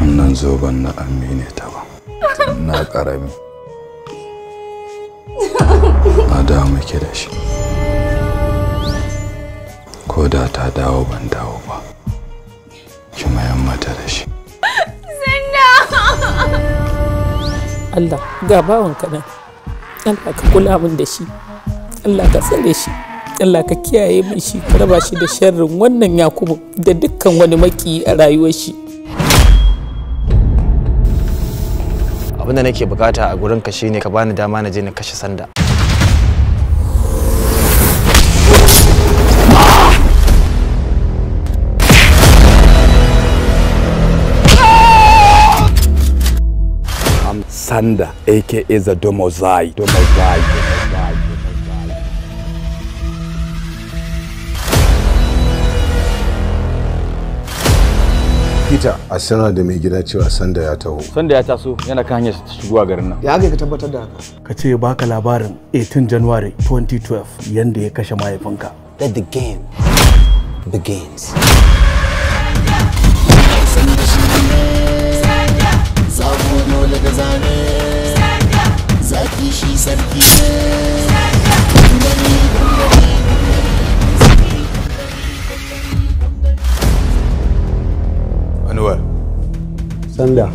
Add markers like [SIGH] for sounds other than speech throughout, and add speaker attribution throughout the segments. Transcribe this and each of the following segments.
Speaker 1: Wannan zoben na amine ta ba. Na ƙarami. Na dawo muke da shi. Ko da ta dawo ban dawo ba. Ki mayan mata da shi. Allah ga bawan kaɗan. Allah ka kula min da shi. Allah ka tsare shi. Allah ka kiyaye mai shi ka raba shi da sharrin wannan Yakubu da dukkan wani maki a rayuwar shi abin da nake bukata a gurin ka shine ka bani dama na je na kashe sanda Sanda aka Zadomozai. Domozai. Peter a sanar da mai gida cewa sanda ya taho. Sanda ya taso yana kan hanyar shigowa garin nan. Ya haka ka tabbatar da haka. Ka ce baka labarin 18 January 2012 yanda ya kashe mahaifinka. Let the game begins. sanda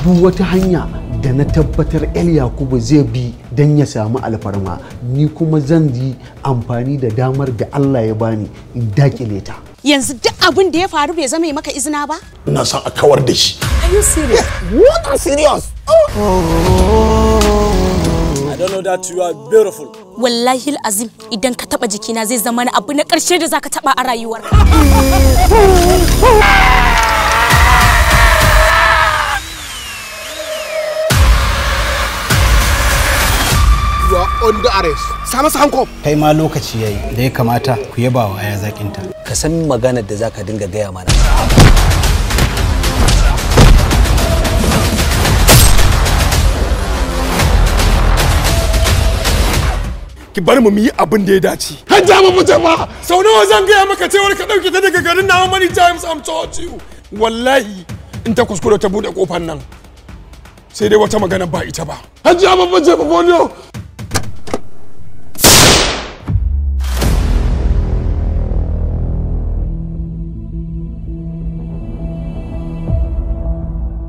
Speaker 1: duk wata hanya da na tabbatar el yakubu zai bi don ya samu alfarma ni kuma zan yi amfani da damar da allah ya bani in dakile ta yanzu duk abin da ya faru bai zama maka izina ba ina son a kawar da shi are you serious what are serious oh. i don't know that you are beautiful wallahi azim idan ka taba jikina zai zama na abu na karshe da zaka taba a rayuwarka [LAUGHS] under arrest sa hanko kai ma lokaci yayi da ya kamata ku yaba wa aya zakinta ka san maganar da zaka dinga gaya mana ki bar mu yi abin da ya dace. Hajja mu mutu Sau nawa zan gaya maka cewar ka ɗauke ta daga garin na many times I'm taught you. Wallahi in ta kuskure ta buɗe kofar nan. Sai dai wata magana ba ita ba. Hajja mu